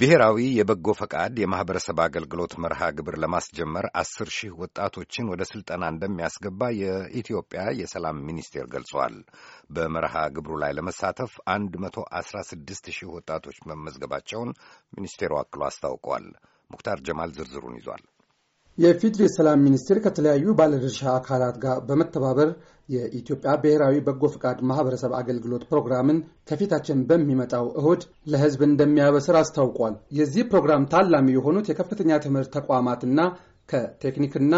ብሔራዊ የበጎ ፈቃድ የማኅበረሰብ አገልግሎት መርሃ ግብር ለማስጀመር አስር ሺህ ወጣቶችን ወደ ሥልጠና እንደሚያስገባ የኢትዮጵያ የሰላም ሚኒስቴር ገልጿል። በመርሃ ግብሩ ላይ ለመሳተፍ አንድ መቶ አስራ ስድስት ሺህ ወጣቶች መመዝገባቸውን ሚኒስቴሩ አክሎ አስታውቋል። ሙክታር ጀማል ዝርዝሩን ይዟል። የፊድሪ ሰላም ሚኒስቴር ከተለያዩ ባለድርሻ አካላት ጋር በመተባበር የኢትዮጵያ ብሔራዊ በጎ ፈቃድ ማህበረሰብ አገልግሎት ፕሮግራምን ከፊታችን በሚመጣው እሁድ ለሕዝብ እንደሚያበስር አስታውቋል። የዚህ ፕሮግራም ታላሚ የሆኑት የከፍተኛ ትምህርት ተቋማትና ከቴክኒክና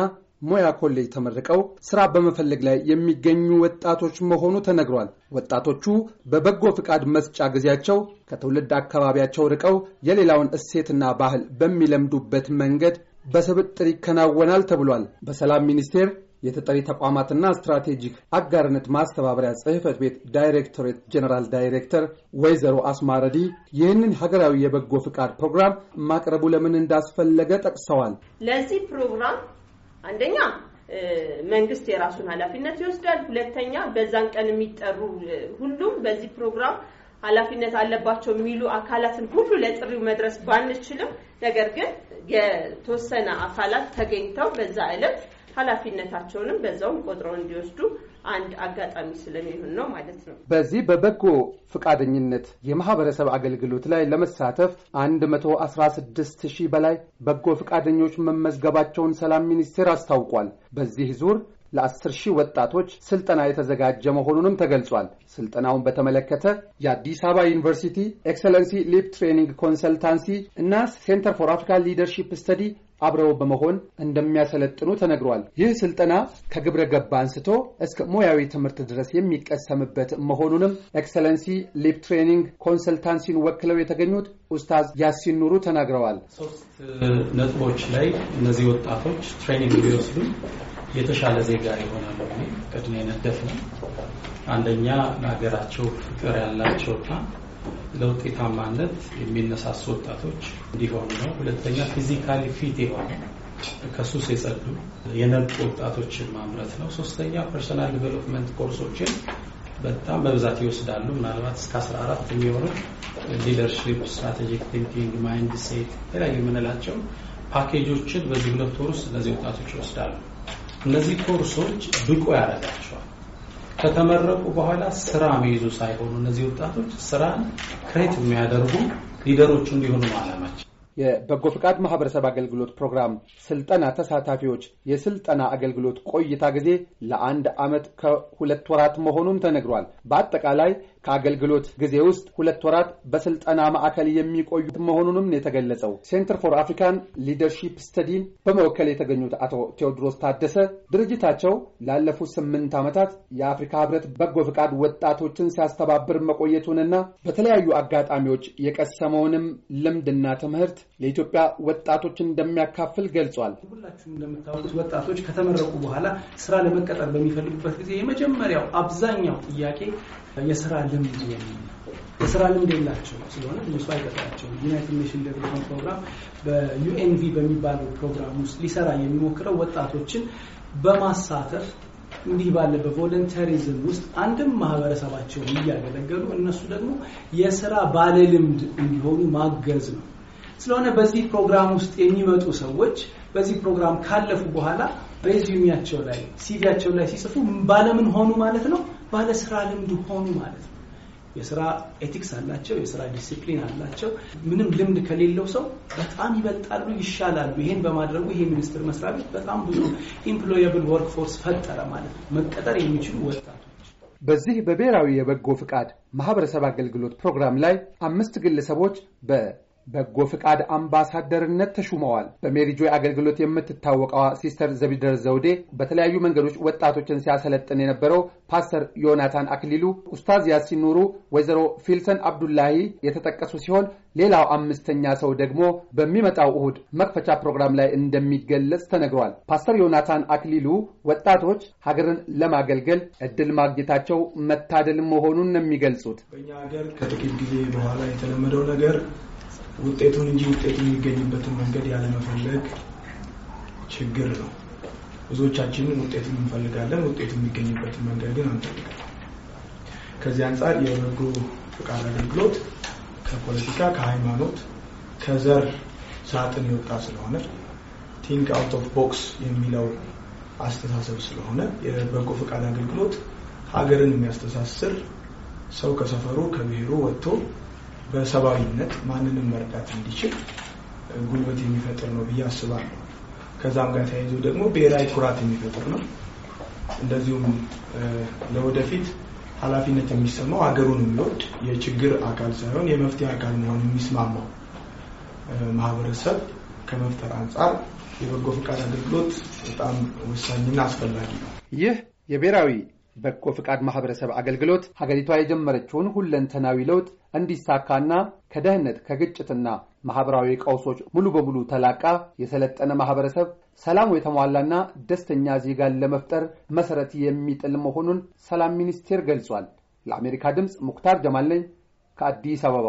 ሙያ ኮሌጅ ተመርቀው ስራ በመፈለግ ላይ የሚገኙ ወጣቶች መሆኑ ተነግሯል። ወጣቶቹ በበጎ ፍቃድ መስጫ ጊዜያቸው ከትውልድ አካባቢያቸው ርቀው የሌላውን እሴትና ባህል በሚለምዱበት መንገድ በስብጥር ይከናወናል ተብሏል። በሰላም ሚኒስቴር የተጠሪ ተቋማትና ስትራቴጂክ አጋርነት ማስተባበሪያ ጽህፈት ቤት ዳይሬክቶሬት ጀኔራል ዳይሬክተር ወይዘሮ አስማረዲ ይህንን ሀገራዊ የበጎ ፍቃድ ፕሮግራም ማቅረቡ ለምን እንዳስፈለገ ጠቅሰዋል። ለዚህ ፕሮግራም አንደኛ መንግስት የራሱን ኃላፊነት ይወስዳል። ሁለተኛ በዛን ቀን የሚጠሩ ሁሉም በዚህ ፕሮግራም ኃላፊነት አለባቸው የሚሉ አካላትን ሁሉ ለጥሪው መድረስ ባንችልም ነገር ግን የተወሰነ አካላት ተገኝተው በዛ አይለት ኃላፊነታቸውንም በዛውም ቆጥረው እንዲወስዱ አንድ አጋጣሚ ስለሚሆን ነው ማለት ነው። በዚህ በበጎ ፈቃደኝነት የማህበረሰብ አገልግሎት ላይ ለመሳተፍ 116 ሺህ በላይ በጎ ፈቃደኞች መመዝገባቸውን ሰላም ሚኒስቴር አስታውቋል። በዚህ ዙር ለአስር ሺህ ወጣቶች ስልጠና የተዘጋጀ መሆኑንም ተገልጿል። ስልጠናውን በተመለከተ የአዲስ አበባ ዩኒቨርሲቲ ኤክሰለንሲ ሊፕ ትሬኒንግ ኮንሰልታንሲ እና ሴንተር ፎር አፍሪካን ሊደርሺፕ ስተዲ አብረው በመሆን እንደሚያሰለጥኑ ተነግሯል። ይህ ስልጠና ከግብረ ገባ አንስቶ እስከ ሙያዊ ትምህርት ድረስ የሚቀሰምበት መሆኑንም ኤክሰለንሲ ሊፕ ትሬኒንግ ኮንሰልታንሲን ወክለው የተገኙት ኡስታዝ ያሲን ኑሩ ተናግረዋል። ሶስት ነጥቦች ላይ እነዚህ ወጣቶች ትሬኒንግ ቢወስዱ የተሻለ ዜጋ ይሆናሉ የሚል ቅድሜ የነደፍ ነው። አንደኛ ለሀገራቸው ፍቅር ያላቸውና ለውጤታማነት የሚነሳሱ ወጣቶች እንዲሆኑ ነው። ሁለተኛ ፊዚካሊ ፊት የሆነ ከሱስ የጸዱ የነቁ ወጣቶችን ማምረት ነው። ሶስተኛ ፐርሶናል ዲቨሎፕመንት ኮርሶችን በጣም በብዛት ይወስዳሉ። ምናልባት እስከ 14 የሚሆኑ ሊደርሽፕ፣ ስትራቴጂክ ቲንኪንግ፣ ማይንድ ሴት የተለያዩ የምንላቸው ፓኬጆችን በዚህ ሁለት ወር ውስጥ እነዚህ ወጣቶች ይወስዳሉ። እነዚህ ኮርሶች ብቁ ያደርጋቸዋል። ከተመረቁ በኋላ ስራ የሚይዙ ሳይሆኑ እነዚህ ወጣቶች ስራን ክሬት የሚያደርጉ ሊደሮች እንዲሆኑ ማለማቸው የበጎ ፍቃድ ማህበረሰብ አገልግሎት ፕሮግራም ስልጠና ተሳታፊዎች የስልጠና አገልግሎት ቆይታ ጊዜ ለአንድ ዓመት ከሁለት ወራት መሆኑም ተነግሯል። በአጠቃላይ ከአገልግሎት ጊዜ ውስጥ ሁለት ወራት በስልጠና ማዕከል የሚቆዩት መሆኑንም የተገለጸው ሴንተር ፎር አፍሪካን ሊደርሺፕ ስተዲን በመወከል የተገኙት አቶ ቴዎድሮስ ታደሰ ድርጅታቸው ላለፉት ስምንት ዓመታት የአፍሪካ ህብረት በጎ ፍቃድ ወጣቶችን ሲያስተባብር መቆየቱንና በተለያዩ አጋጣሚዎች የቀሰመውንም ልምድና ትምህርት ለኢትዮጵያ ወጣቶች እንደሚያካፍል ገልጿል። ሁላችሁም እንደምታወቁት ወጣቶች ከተመረቁ በኋላ ስራ ለመቀጠር በሚፈልጉበት ጊዜ የመጀመሪያው አብዛኛው ጥያቄ የስራ ልምድ የስራ ልምድ የላቸው ስለሆነ እነሱ አይቀጥራቸውም። ዩናይትድ ኔሽን ዴቨሎፕመንት ፕሮግራም በዩኤንቪ በሚባለው ፕሮግራም ውስጥ ሊሰራ የሚሞክረው ወጣቶችን በማሳተፍ እንዲህ ባለ በቮለንተሪዝም ውስጥ አንድም ማህበረሰባቸውን እያገለገሉ እነሱ ደግሞ የስራ ባለልምድ እንዲሆኑ ማገዝ ነው። ስለሆነ በዚህ ፕሮግራም ውስጥ የሚመጡ ሰዎች በዚህ ፕሮግራም ካለፉ በኋላ ሬዚዩሚያቸው ላይ ሲቪያቸው ላይ ሲጽፉ ባለምን ሆኑ ማለት ነው፣ ባለስራ ልምድ ሆኑ ማለት ነው። የስራ ኤቲክስ አላቸው፣ የስራ ዲሲፕሊን አላቸው። ምንም ልምድ ከሌለው ሰው በጣም ይበልጣሉ፣ ይሻላሉ። ይሄን በማድረጉ ይሄ ሚኒስቴር መስሪያ ቤት በጣም ብዙ ኢምፕሎየብል ወርክ ፎርስ ፈጠረ ማለት ነው። መቀጠር የሚችሉ ወጣቶች በዚህ በብሔራዊ የበጎ ፍቃድ ማህበረሰብ አገልግሎት ፕሮግራም ላይ አምስት ግለሰቦች በ በጎ ፍቃድ አምባሳደርነት ተሹመዋል። በሜሪጆ አገልግሎት የምትታወቀዋ ሲስተር ዘቢደር ዘውዴ በተለያዩ መንገዶች ወጣቶችን ሲያሰለጥን የነበረው ፓስተር ዮናታን አክሊሉ፣ ኡስታዝ ያሲን ኑሩ፣ ወይዘሮ ፊልሰን አብዱላሂ የተጠቀሱ ሲሆን ሌላው አምስተኛ ሰው ደግሞ በሚመጣው እሁድ መክፈቻ ፕሮግራም ላይ እንደሚገለጽ ተነግሯል። ፓስተር ዮናታን አክሊሉ ወጣቶች ሀገርን ለማገልገል እድል ማግኘታቸው መታደል መሆኑን ነው የሚገልጹት። በእኛ ሀገር ከጥቂት ጊዜ በኋላ የተለመደው ነገር ውጤቱን እንጂ ውጤቱ የሚገኝበትን መንገድ ያለመፈለግ ችግር ነው። ብዙዎቻችንን ውጤቱን እንፈልጋለን፣ ውጤቱ የሚገኝበትን መንገድ ግን አንፈልጋለን። ከዚህ አንጻር የበጎ ፈቃድ አገልግሎት ከፖለቲካ፣ ከሃይማኖት፣ ከዘር ሳጥን የወጣ ስለሆነ ቲንክ አውት ኦፍ ቦክስ የሚለው አስተሳሰብ ስለሆነ የበጎ ፈቃድ አገልግሎት ሀገርን የሚያስተሳስር ሰው ከሰፈሩ ከብሔሩ ወጥቶ በሰብአዊነት ማንንም መርዳት እንዲችል ጉልበት የሚፈጥር ነው ብዬ አስባለሁ። ከዛም ጋር ተያይዞ ደግሞ ብሔራዊ ኩራት የሚፈጥር ነው። እንደዚሁም ለወደፊት ኃላፊነት የሚሰማው ሀገሩን የሚወድ የችግር አካል ሳይሆን የመፍትሄ አካል መሆን የሚስማማው ማህበረሰብ ከመፍጠር አንጻር የበጎ ፈቃድ አገልግሎት በጣም ወሳኝና አስፈላጊ ነው። ይህ የብሔራዊ በጎ ፍቃድ ማህበረሰብ አገልግሎት ሀገሪቷ የጀመረችውን ሁለንተናዊ ለውጥ እንዲሳካና ከደህንነት፣ ከግጭትና ማህበራዊ ቀውሶች ሙሉ በሙሉ ተላቃ የሰለጠነ ማህበረሰብ ሰላሙ የተሟላና ደስተኛ ዜጋን ለመፍጠር መሰረት የሚጥል መሆኑን ሰላም ሚኒስቴር ገልጿል። ለአሜሪካ ድምፅ ሙክታር ጀማል ነኝ ከአዲስ አበባ